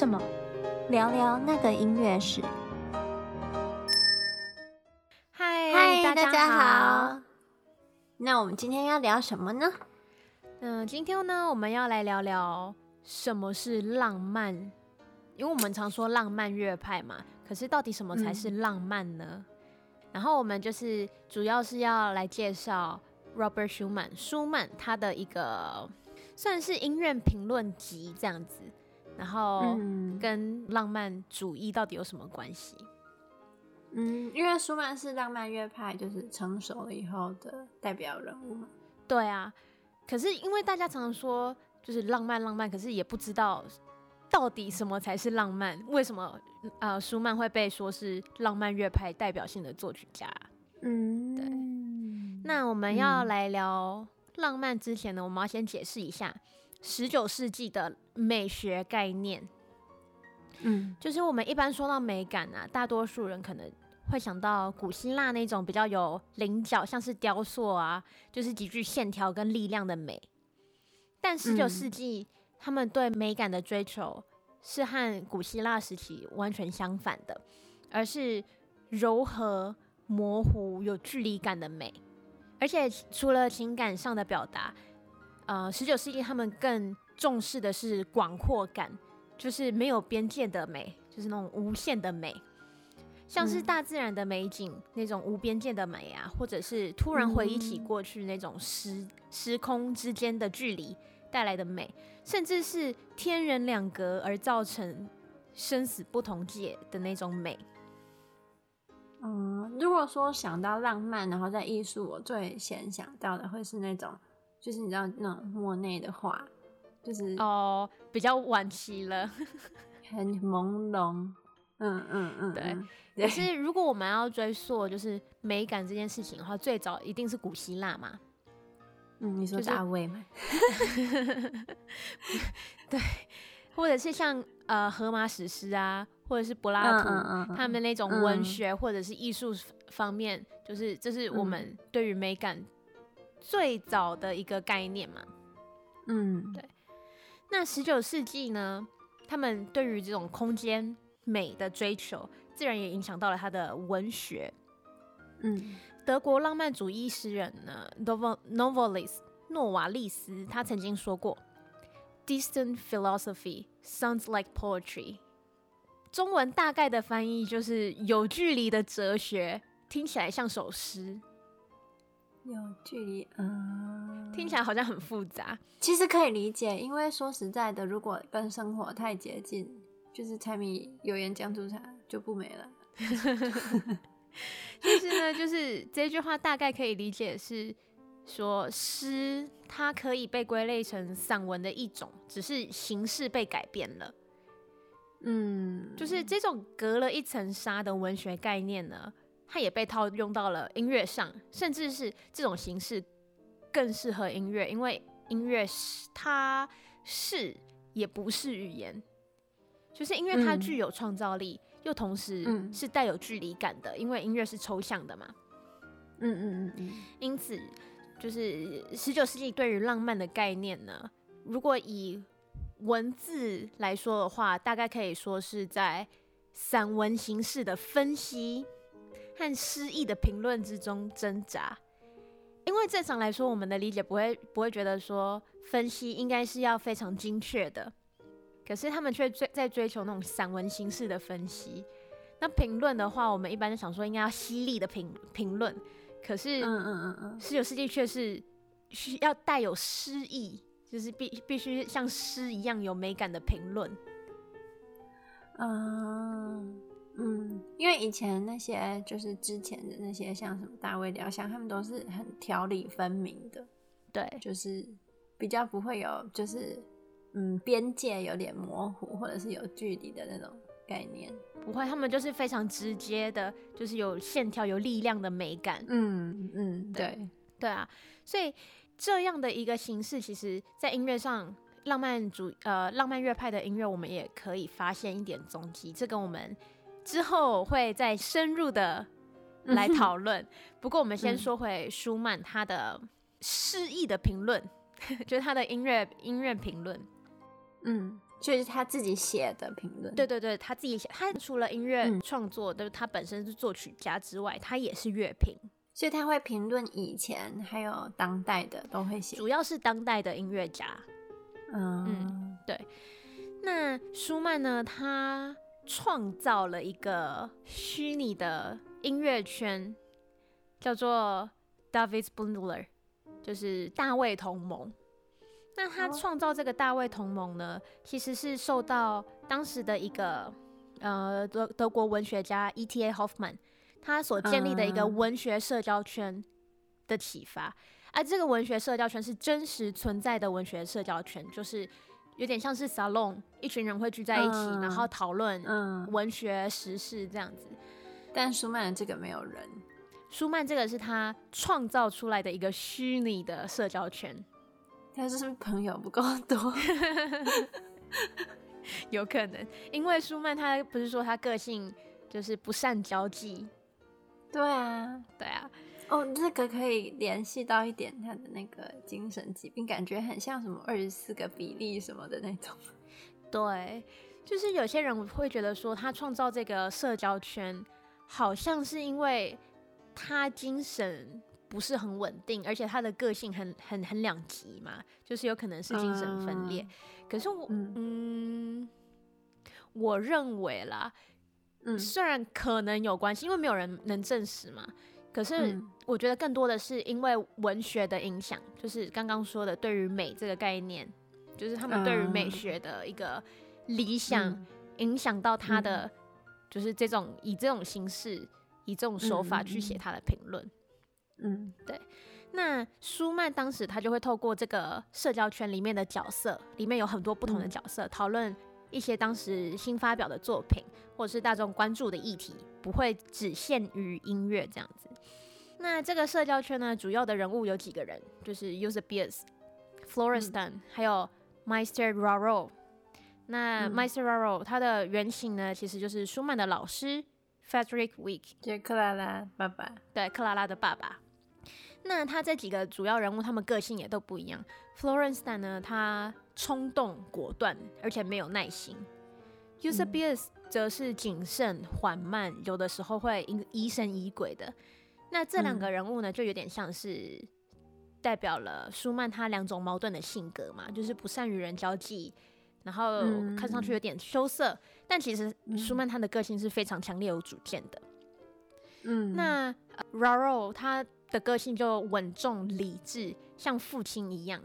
什麼？聊聊那個音樂史。嗨，大家好。那我們今天要聊什麼呢？嗯，今天呢，我們要來聊聊什麼是浪漫，因為我們常說浪漫樂派嘛。可是到底什麼才是浪漫呢？嗯，然後我們就是主要是要來介紹 Robert Schumann，舒曼他的一個算是音樂評論集這樣子。然後跟浪漫主義到底有什麼關係？嗯，因為舒曼是浪漫樂派就是成熟了以後的代表人物。對啊，可是因為大家常常說就是浪漫浪漫，可是也不知道到底什麼才是浪漫，為什麼，呃，舒曼會被說是浪漫樂派代表性的作曲家啊？嗯，對。那我們要來聊浪漫之前呢，我們要先解釋一下。十九世紀的美學概念，嗯，就是我們一般說到美感啊，大多數人可能會想到古希臘那種比較有稜角，像是雕塑啊，就是極具線條跟力量的美。但十九世紀，嗯，他們對美感的追求是和古希臘時期完全相反的，而是柔和、模糊、有距離感的美，而且除了情感上的表達。呃，十九世紀他們更重視的是廣闊感，就是沒有邊界的美，就是那種無限的美，像是大自然的美景、嗯、那種無邊界的美啊，或者是突然回憶起過去那種時、嗯、時空之間的距離帶來的美，甚至是天人兩隔而造成生死不同界的那種美。嗯，如果說想到浪漫，然後在藝術，我最先想到的會是那種。就是你知道那種莫內的畫就是哦，比較晚期了，很朦朧， 嗯嗯嗯，對。可是如果我們要追溯，就是美感這件事情的話，最早一定是古希臘嘛。嗯，你說嗎、就是阿維嘛？ 對，或者是像呃荷馬史詩啊，或者是柏拉圖、嗯嗯嗯、他們那種文學或者是藝術方面、嗯，就是這是我們對於美感。最早的一個概念嘛，嗯，對。那十九世紀呢，他們對於這種空間美的追求，自然也影響到了他的文學。嗯，德國浪漫主義詩人呢，Novalis Novalis 諾瓦利斯，他曾經說過，Distant philosophy sounds like poetry。中文大概的翻譯就是“有距離的哲學聽起來像首詩”。有距離，嗯，聽起來好像很複雜，其實可以理解。因為說實在的，如果跟生活太接近，就是柴米油鹽醬醋茶就不美了。其 是呢，就是這句話大概可以理解是說，詩它可以被歸類成散文的一種，只是形式被改變了。嗯，就是這種隔了一層紗的文學概念呢，它也被套用到了音樂上，甚至是這種形式更適合音樂，因為音樂是，它是也不是語言，就是因為它具有創造力、嗯，又同時是帶有距離感的，因為音樂是抽象的嘛。嗯嗯嗯嗯。因此，就是十九世紀對於浪漫的概念呢，如果以文字來說的話，大概可以說是在散文形式的分析，但詩意的評論之中掙扎，因為正常來說，我們的理解不會不會覺得說分析應該是要非常精確的，可是他們卻在追求那種散文形式的分析。那評論的話，我們一般想說應該要犀利的評評論，可是嗯嗯嗯嗯，十九世紀卻是需要帶有詩意，就是必必須像詩一樣有美感的評論，嗯。嗯，因為以前那些就是之前的那些，像什麼大衛雕像，他們都是很條理分明的，對，就是比較不會有，就是嗯，邊界有點模糊或者是有距離的那種概念，不會，他們就是非常直接的，嗯、就是有線條、有力量的美感。嗯嗯，對對，對啊，所以這樣的一個形式，其實在音樂上，浪漫主呃浪漫樂派的音樂，我們也可以發現一點蹤跡，這跟我們。之後會再深入的來討論、嗯。不過我們先說回舒曼他的詩意的評論，嗯、 就是他的音樂音樂評論。嗯，就是他自己寫的評論。對對對，他自己寫，他除了音樂創作、嗯，就是他本身是作曲家之外，他也是樂評，所以他會評論以前還有當代的都會寫，主要是當代的音樂家嗯。嗯，對。那舒曼呢？他。創造了一個虛擬的音樂圈，叫做 Davidsbündler，就是大衛同盟。那他創造這個大衛同盟呢，oh. 其實是受到當時的一個呃德德國文學家 E T A Hoffmann 他所建立的一個文學社交圈的啟發。而、uh. 啊、這個文學社交圈是真實存在的文學社交圈，就是。有點像是沙龍，一群人會聚在一起，嗯、然後討論文學、嗯、時事這樣子。但舒曼這個沒有人，舒曼這個是他創造出來的一個虛擬的社交圈。他是不是朋友不夠多？ 有可能，因為舒曼他不是說他個性就是不善交際。對啊，對啊。哦、oh，這個可以聯繫到一點他的那個精神疾病，感覺很像什麼二十四個比例什麼的那種。對，就是有些人會覺得說他創造這個社交圈，好像是因為他精神不是很穩定，而且他的個性很很很兩極嘛，就是有可能是精神分裂。嗯、可是我嗯，嗯，我認為啦，嗯、雖然可能有關係，因為沒有人能證實嘛。可是我覺得更多的是因為文學的影響，就是剛剛說的對於美這個概念，就是他們對於美學的一個理想，影響到他的，就是這種以這種形式、以這種手法去寫他的評論。嗯，對。那舒曼當時他就會透過這個社交圈裡面的角色，裡面有很多不同的角色討論一些當時新發表的作品，或者是大眾關注的議題，不會只限於音樂這樣子。那這個社交圈呢，主要的人物有幾個人，就是 Eusebius Florestan、嗯、還有 Meister Raro，嗯。那 Meister Raro 他的原型呢，其實就是舒曼的老師，嗯、Frederick Wieck 就是克拉拉爸爸，對克拉拉的爸爸。那他這幾個主要人物，他們個性也都不一樣。Florestan 呢，他衝動果斷，而且沒有耐心。Eusebius 則是謹慎緩慢，有的時候會疑神疑鬼的。那這兩個人物呢、嗯，就有點像是代表了舒曼他兩種矛盾的性格嘛，就是不善與人交際，然後看上去有點羞澀，嗯、但其實舒曼他的個性是非常強烈有主見的。嗯，那 Raro 他的個性就穩重理智，像父親一樣。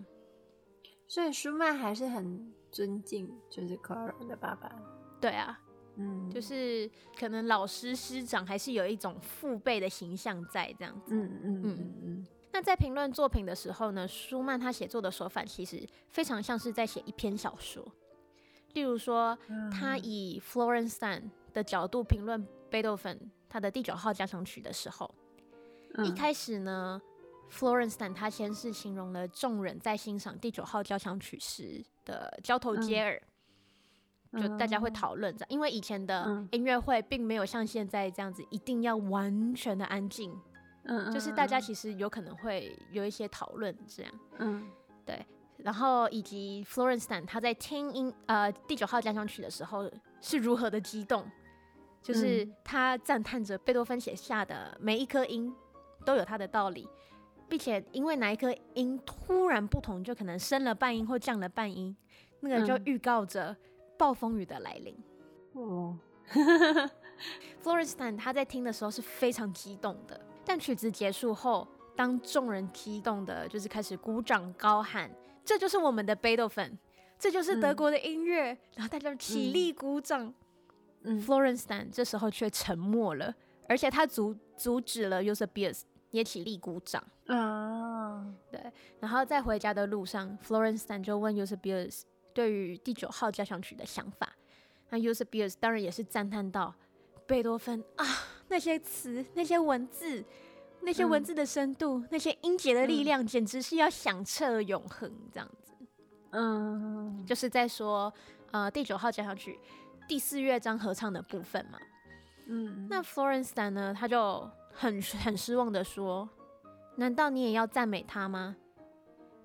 所以舒曼還是很尊敬，就是 Clara 的爸爸。對啊，嗯，就是可能老師師長還是有一種父輩的形象在這樣子。嗯嗯嗯嗯，那在評論作品的時候呢，舒曼他寫作的手法其實非常像是在寫一篇小說。例如說，嗯、他以 Florestan 的角度評論貝多芬他的第九號交響曲的時候，嗯，一開始呢。Florestan 他先是形容了眾人在欣賞第九號交響曲時的交頭接耳、嗯，就大家會討論這樣、嗯、因為以前的音樂會並沒有像現在這樣子一定要完全的安靜，嗯就是大家其實有可能會有一些討論這樣，嗯，對，然後以及 Florestan 他在聽音呃第九號交響曲的時候是如何的激動，就是他讚嘆着貝多芬寫下的每一顆音都有他的道理。並且因為哪一顆音突然不同，就可能升了半音或降了半音，那個就預告着暴風雨的來臨，嗯。哦 ，Florestan 他在聽的時候是非常激動的，但曲子結束後，當眾人激動的就是開始鼓掌高喊：“這就是我們的貝多芬，這就是德國的音樂。嗯”然後大家起立鼓掌，嗯嗯、Florestan 這時候卻沉默了，而且他阻阻止了 Eusebius 也起立鼓掌嗯，oh. 對，然後在回家的路上 ，Florestan 就問 Eusebius 對於第九號交響曲的想法。那 Eusebius 當然也是讚嘆道：貝 多芬啊，那些詞、那些文字、那些文字的深度、嗯、那些音節的力量，嗯、簡直是要響徹永恆這樣子。嗯， 就是在說呃第九號交響曲第四樂章合唱的部分嘛。 嗯，那 Florestan 呢，他就。很很失望的說，難道你也要讚美他嗎？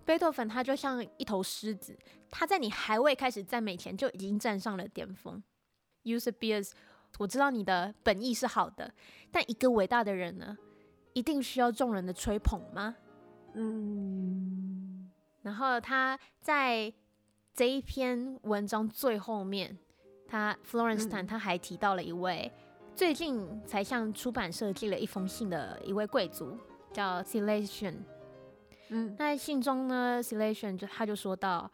貝多芬他就像一頭獅子，他在你還未開始讚美前就已經站上了巔峰。Eusebius，我知道你的本意是好的，但一個偉大的人呢，一定需要眾人的吹捧嗎？嗯。然後他在這一篇文章最後面，他 Florestan 他還提到了一位。嗯最近才向出版社寄了一封信的一位貴族叫 Slation，嗯，那在信中呢，Slation 就他就說到，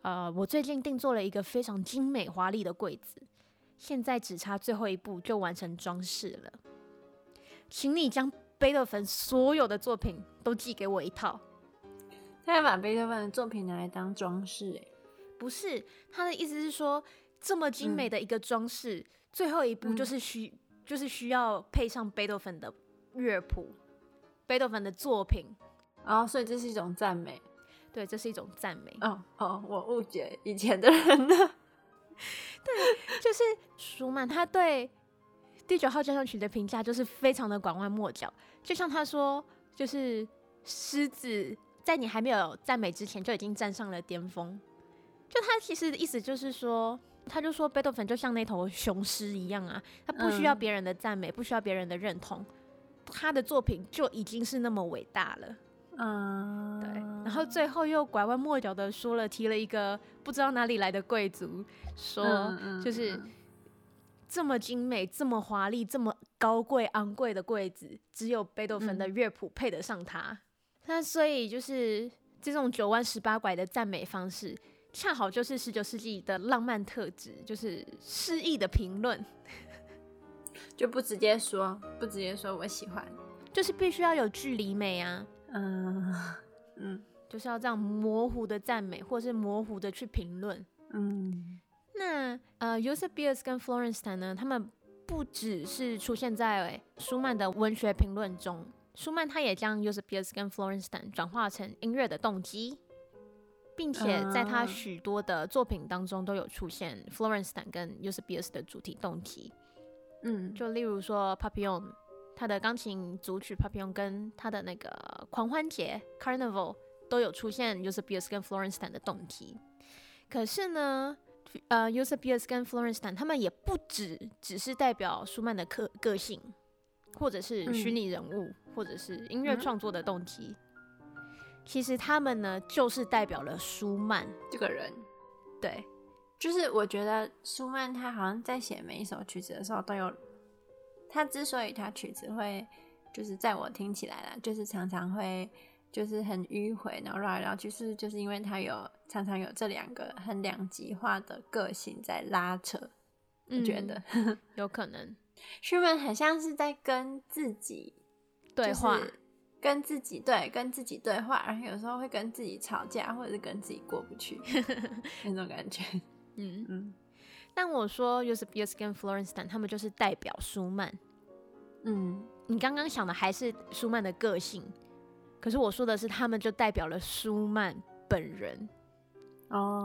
呃，我最近定做了一個非常精美華麗的櫃子，現在只差最後一步就完成裝飾了，請你將貝多芬所有的作品都寄給我一套。他要把貝多芬的作品拿來當裝飾？欸，不是，他的意思是說，這麼精美的一個裝飾，嗯、最後一步就是需。嗯就是需要配上貝多芬的樂譜，貝多芬的作品啊，所以這是一種讚美，對，這是一種讚美。哦，好，我誤解以前的人了。 對，就是舒曼他對第九號交響曲的評價就是非常的拐彎抹角，就像他說，就是獅子在你還沒有讚美之前就已經站上了巔峰。就他其實的意思就是說。他就說貝多芬就像那頭雄獅一樣啊，他不需要別人的讚美、嗯，不需要別人的認同，他的作品就已經是那麼偉大了。嗯，對。然後最後又拐彎抹角的說了，提了一個不知道哪裡來的貴族，說、嗯、就是、嗯嗯、這麼精美、這麼華麗、這麼高貴、昂貴的櫃子，只有貝多芬的樂譜配得上他。嗯、那所以就是這種九彎十八拐的讚美方式。恰好就是十九世紀的浪漫特質，就是詩意的評論，就不直接說，不直接說我喜歡，就是必須要有距離美啊，嗯、呃、嗯，就是要這樣模糊的讚美，或是模糊的去評論，嗯，那呃 Eusebius 跟 Florestan 呢，他們不只是出現在舒曼的文學評論中，舒曼他也將 Eusebius 跟 Florestan 轉化成音樂的動機。並且在他許多的作品當中都有出現 Florestan 跟 Eusebius 的主題動機，嗯，就例如說 Papillon，他的鋼琴組曲 Papillon 跟他的那個狂歡節 Carnival 都有出現 Eusebius 跟 Florestan 的動機。可是呢，呃，Eusebius 跟 Florestan 他們也不只只是代表舒曼的個個性，或者是虛擬人物、嗯，或者是音樂創作的動機。嗯其實他們呢，就是代表了舒曼這個人，對，就是我覺得舒曼他好像在寫每一首曲子的時候都有，他之所以他曲子會就是在我聽起來啦，就是常常會就是很迂回，然後繞來繞去，就是就是因為他有常常有這兩個很兩極化的個性在拉扯，我覺得、嗯、有可能，舒 曼很像是在跟自己對話。跟自己對，跟自己對話，然後有時候會跟自己吵架，或者是跟自己過不去，那 種感覺。嗯嗯。但我說 Eusebius 跟 Florestan 他們就是代表舒曼。嗯。你剛剛想的還是舒曼的個性，可是我說的是他們就代表了舒曼本人。哦。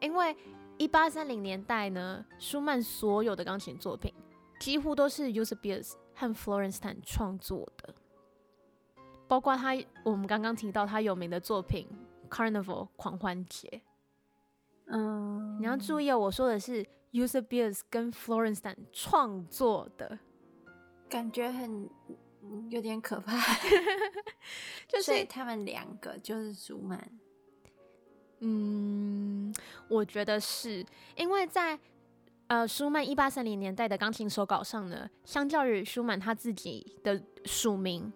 因為一八三零年代呢，舒曼所有的鋼琴作品幾乎都是 Eusebius 和 Florestan 創作的。包括他，我們剛剛提到他有名的作品《Carnival 狂歡節》，嗯，你要注意哦，我說的是 Eusebius 跟 Florestan 創作的，感覺很有點可怕， 就是他們兩個就是舒曼，嗯，我覺得是，因為在呃舒曼一八三零年代的鋼琴手稿上呢，相較於舒曼他自己的署名。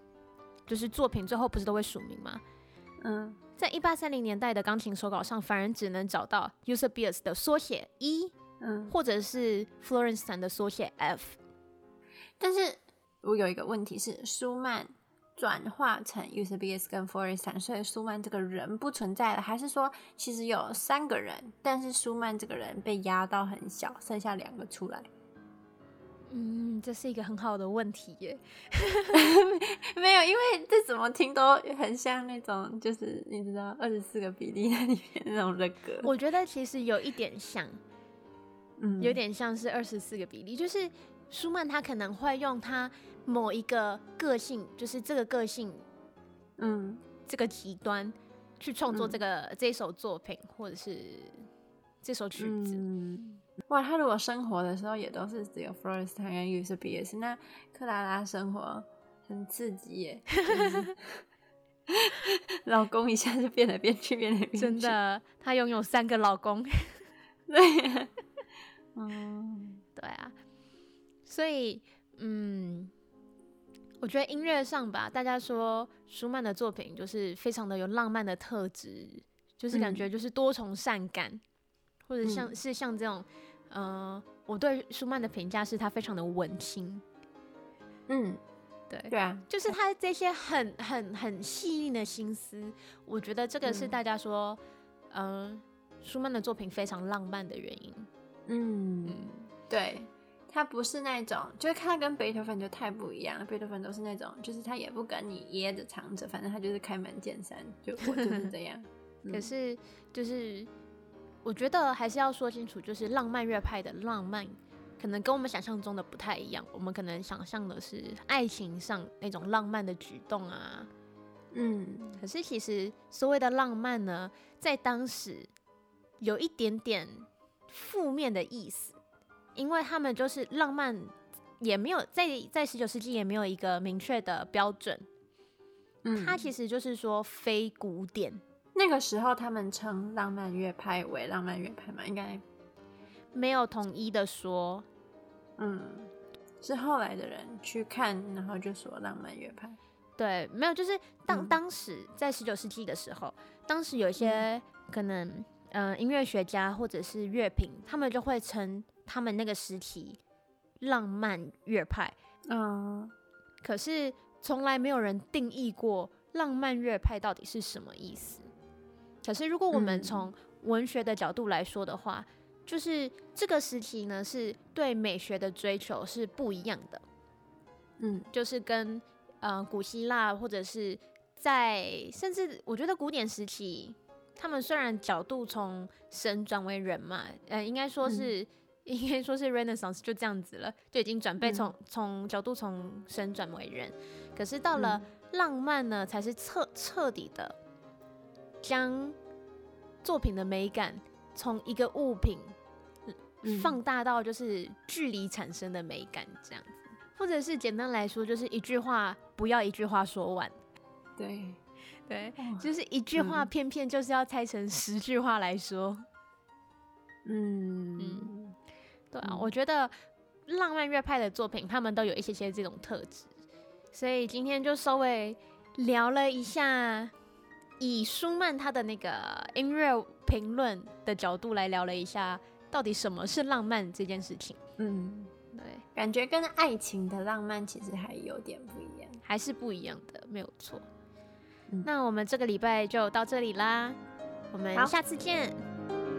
就是作品最後不是都會署名嗎？嗯，在一八三零年代的鋼琴手稿上，凡人只能找到 Eusebius 的縮寫 E，嗯，或者是 Florestan 的縮寫 F。但是，我有一個問題是，舒曼轉化成 Eusebius 跟 Florestan，所以舒曼這個人不存在了，還是說其實有三個人，但是舒曼這個人被壓到很小，剩下兩個出來？嗯，這是一個很好的問題耶。 沒有，因為這怎麼聽都很像那種，就是你知道，二十四個比利那裡邊那種的人格。我覺得其實有一點像，嗯，有點像是二十四個比利，就是舒曼他可能會用他某一個個性，就是這個個性，嗯，這個極端去創作這個、嗯、這首作品，或者是這首曲子。嗯哇，他如果生活的時候也都是只有 Florestan 他跟 Eusebius 也是，那克拉拉生活很刺激耶，就是、 老公一下就變來變去，變來變去，真的，他擁有三個老公， 對、啊，嗯、 um,，對啊，所以，嗯，我覺得音樂上吧，大家說舒曼的作品就是非常的有浪漫的特質，就是感覺就是多愁善感，嗯、或者像、嗯、是像這種。嗯、呃，我對舒曼的評價是他非常的文青。嗯，對，對啊，就是他這些很、嗯、很很細膩的心思，我覺得這個是大家說，嗯，呃、舒曼的作品非常浪漫的原因，嗯，嗯對，他不是那種，就是他跟貝多芬就太不一樣，貝多芬都是那種，就是他也不跟你掖着藏着，反正他就是開門見山，就就是這樣， 嗯、可是就是。我覺得還是要說清楚，就是浪漫樂派的浪漫，可能跟我們想象中的不太一樣。我們可能想象的是愛情上那種浪漫的舉動啊，嗯。可是其實所謂的浪漫呢，在當時有一點點負面的意思，因為他們就是浪漫，也沒有在在十九世紀也沒有一個明確的標準。嗯，它其實就是說非古典。那個時候，他們稱浪漫樂派為浪漫樂派嘛，應該沒有統一的說。嗯，是後來的人去看，然後就說浪漫樂派。對，沒有，就是當、嗯、當時在十九世紀的時候，當時有一些可能，嗯，呃、音樂學家或者是樂評，他們就會稱他們那個時期浪漫樂派。嗯，可是從來沒有人定義過浪漫樂派到底是什麼意思。可是，如果我們從文學的角度來說的話、嗯，就是這個時期呢，是對美學的追求是不一樣的。嗯，就是跟呃古希臘，或者是在甚至我覺得古典時期，他們雖然角度從神轉為人嘛，呃，應該說是、嗯、應該說是 Renaissance 就這樣子了，就已經轉變從從角度從神轉為人。可是到了浪漫呢，才是徹徹底的將。作品的美感，從一個物品、嗯、放大到就是距離產生的美感這樣子，嗯、或者是簡單來說，就是一句話不要一句話說完，對，對，就是一句話偏偏就是要拆成十句話來說，嗯嗯，嗯，對啊、嗯，我覺得浪漫樂派的作品他們都有一些些這種特質，所以今天就稍微聊了一下。以舒曼他的那個音樂評論的角度來聊了一下，到底什麼是浪漫這件事情。嗯，對，感覺跟愛情的浪漫其實還有點不一樣，還是不一樣的，沒有錯。嗯、那我們這個禮拜就到這裡啦，嗯、我們下次見，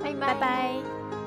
拜拜拜拜。Bye bye bye bye